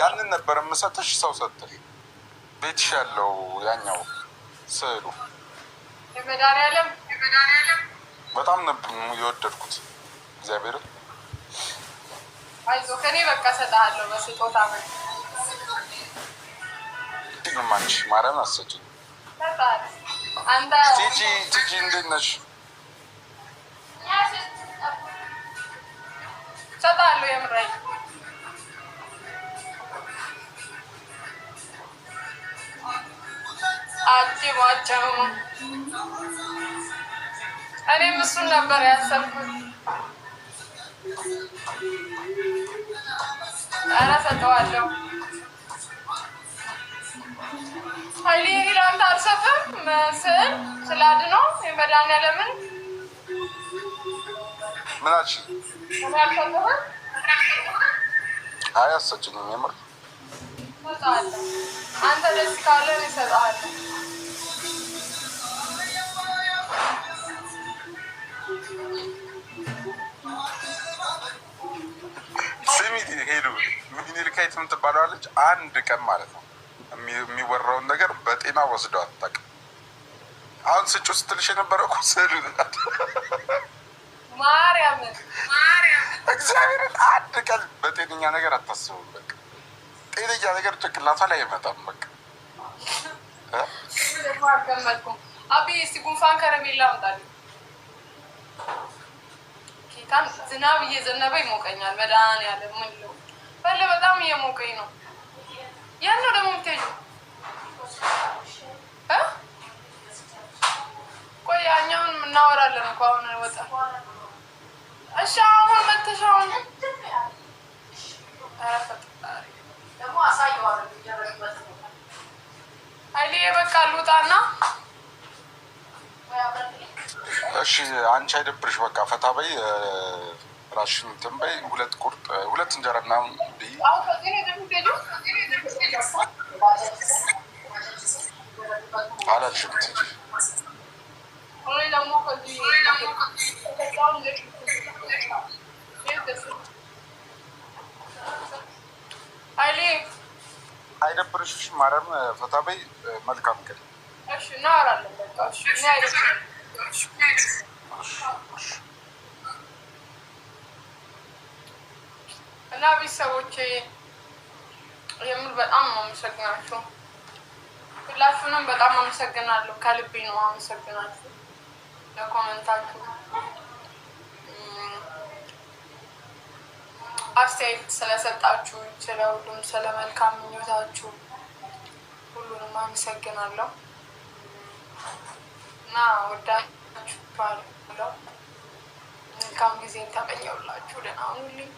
ያንን ነበር የምሰጥሽ። ሰው ሰጥሽ ቤትሽ ያለው ያኛው ስዕሉ በጣም ነብ የወደድኩት እግዚአብሔር አይዞህ ከኔ በቃ እሰጥሃለሁ በስጦታ ግማንሽ ማርያም አሰጭኝ ቲጂ ቲጂ እንዴት ነሽ? እሰጥሃለሁ የምሬን አጅቧቸው። እኔም እሱን ነበር ያሰብኩት። ኧረ ሰጠዋለሁ። ኃይሌ ሪላንድ አልሰፍም ስዕል ስላድኖ የመድኃኒዓለምን ምናች አያሰችኝም የምር አንተ ደስ ካለን ይሰጠሃል። ልብል ሚኒልካ የምትባለው ልጅ አንድ ቀን ማለት ነው የሚወራውን ነገር በጤና ወስደው አታውቅም። አሁን ስጩ ስትልሽ የነበረ እኮ ስዕሉን ማርያምን እግዚአብሔርን አንድ ቀን በጤነኛ ነገር አታስብም። በቃ ጤነኛ ነገር ጭንቅላቷ ላይ አይመጣም። በቃ ጉንፋን ከረሜላ አምጣልኝ። ዝናብ እየዘነበ ይሞቀኛል። መድኃኒዓለም ምን ልለው ፈለ በጣም እየሞቀኝ ነው። ያን ነው ደግሞ የምትሄጂው? ቆይ ያኛውን እናወራለን እኮ አሁን ወጣ። እሺ አሁን መተሽ አሁን ኃይሌ በቃ ልውጣና እሺ አንቺ አይደብርሽ፣ በቃ ፈታ በይ፣ ራሽን እንትን በይ። ሁለት ቁርጥ ሁለት እንጀራ ምናምን አይደብርሽሽ ማርያም ፈታ በይ። መልካም ቀን። እሺ፣ እናወራለን። በቃ እሺ። ቤተሰቦቼ የምር በጣም ነው አመሰግናችሁ። ሁላችሁንም በጣም አመሰግናለሁ። ከልቤ ነው አመሰግናችሁ ለኮመንታችሁ፣ አስተያየት ስለሰጣችሁ፣ ስለ ሁሉም ስለ መልካም ምኞታችሁ ሁሉንም አመሰግናለሁ እና ወዳችሁ ባለው መልካም ጊዜ ተመኘውላችሁ። ደህና ሁኑልኝ።